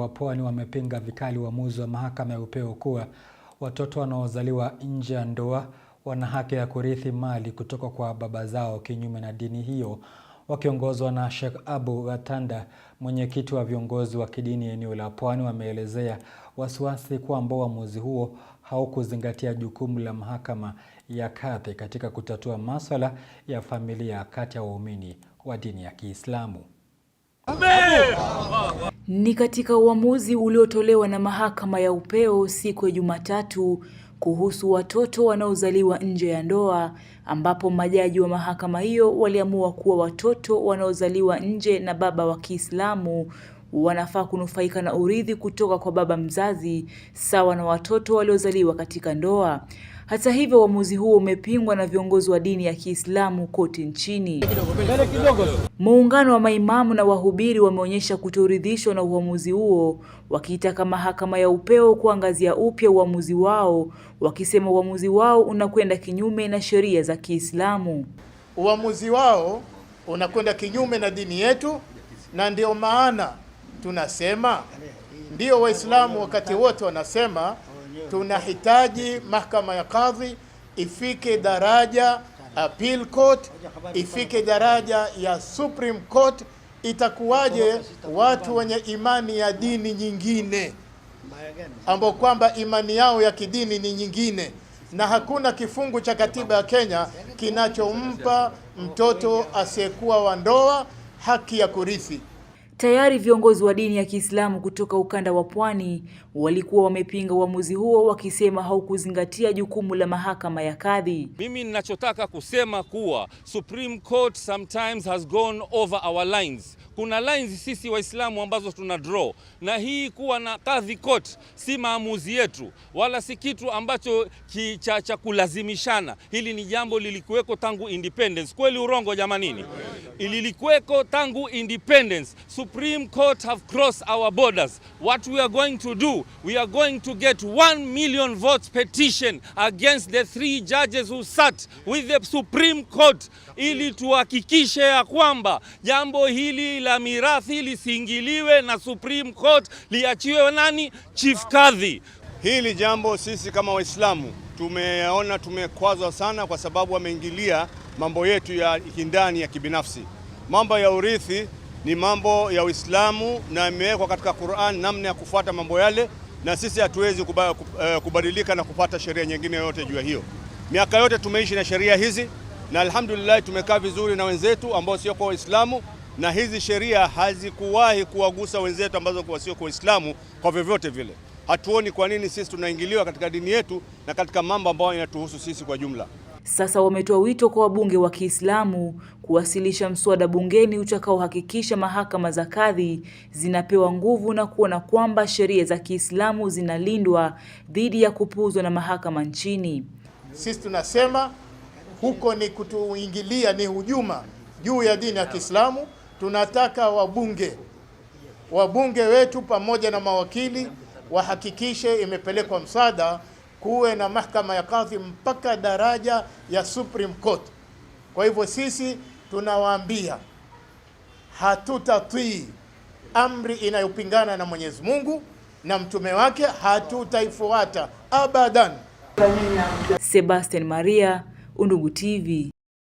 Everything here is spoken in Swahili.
wa Pwani wamepinga vikali uamuzi wa Mahakama ya Upeo kuwa watoto wanaozaliwa nje ya ndoa wana haki ya kurithi mali kutoka kwa baba zao kinyume na dini hiyo. Wakiongozwa na Sheikh Abu Gatanda, mwenyekiti wa viongozi wa kidini eneo la Pwani, wameelezea wasiwasi kwamba uamuzi huo haukuzingatia jukumu la mahakama ya kadhi katika kutatua maswala ya familia kati ya waumini wa dini ya Kiislamu. Ni katika uamuzi uliotolewa na mahakama ya upeo siku ya Jumatatu kuhusu watoto wanaozaliwa nje ya ndoa ambapo majaji wa mahakama hiyo waliamua kuwa watoto wanaozaliwa nje na baba wa Kiislamu wanafaa kunufaika na urithi kutoka kwa baba mzazi sawa na watoto waliozaliwa katika ndoa. Hata hivyo, uamuzi huo umepingwa na viongozi wa dini ya Kiislamu kote nchini. Muungano wa maimamu na wahubiri wameonyesha kutoridhishwa na uamuzi huo, wakiitaka mahakama ya upeo kuangazia upya uamuzi wao, wakisema uamuzi wao unakwenda kinyume na sheria za Kiislamu. Uamuzi wao unakwenda kinyume na dini yetu, na ndio maana tunasema, ndio Waislamu wakati wote wanasema tunahitaji mahakama ya kadhi ifike daraja uh, appeal court, ifike daraja ya Supreme Court. Itakuwaje watu wenye imani ya dini nyingine ambao kwamba imani yao ya kidini ni nyingine, na hakuna kifungu cha katiba ya Kenya kinachompa mtoto asiyekuwa wa ndoa haki ya kurithi. Tayari viongozi wa dini ya Kiislamu kutoka ukanda wa Pwani walikuwa wamepinga uamuzi huo wakisema haukuzingatia jukumu la mahakama ya kadhi. Mimi ninachotaka kusema kuwa Supreme Court sometimes has gone over our lines kuna lines sisi Waislamu ambazo tuna draw, na hii kuwa na kadhi court si maamuzi yetu wala si kitu ambacho cha cha kulazimishana. Hili ni jambo lilikuweko tangu independence, kweli urongo jamanini? Lilikuweko tangu independence. Supreme Court have crossed our borders. What we are going to do, we are going to get 1 million votes petition against the three judges who sat with the Supreme Court ili tuhakikishe ya kwamba jambo hili la mirathi lisiingiliwe na Supreme Court, liachiwe nani? Chief Kadhi. Hili jambo sisi kama Waislamu tumeona tumekwazwa sana, kwa sababu wameingilia mambo yetu ya kindani ya kibinafsi. Mambo ya urithi ni mambo ya Uislamu na imewekwa katika Qur'an namna ya kufuata mambo yale, na sisi hatuwezi eh, kubadilika na kupata sheria nyingine yoyote juu ya hiyo. Miaka yote tumeishi na sheria hizi na alhamdulillah tumekaa vizuri na wenzetu ambao sio kwa Waislamu na hizi sheria hazikuwahi kuwagusa wenzetu ambazo wasio kwa Uislamu kwa vyovyote vile. Hatuoni kwa nini sisi tunaingiliwa katika dini yetu na katika mambo ambayo yanatuhusu sisi kwa jumla. Sasa wametoa wito kwa wabunge wa Kiislamu kuwasilisha mswada bungeni utakaohakikisha mahakama za kadhi zinapewa nguvu na kuona kwamba sheria za Kiislamu zinalindwa dhidi ya kupuuzwa na mahakama nchini. Sisi tunasema huko ni kutuingilia, ni hujuma juu ya dini ya Kiislamu tunataka wabunge wabunge wetu pamoja na mawakili wahakikishe imepelekwa msaada, kuwe na mahakama ya kadhi mpaka daraja ya Supreme Court. Kwa hivyo sisi tunawaambia hatutatii amri inayopingana na Mwenyezi Mungu na mtume wake, hatutaifuata abadan. Sebastian Maria, Undugu TV.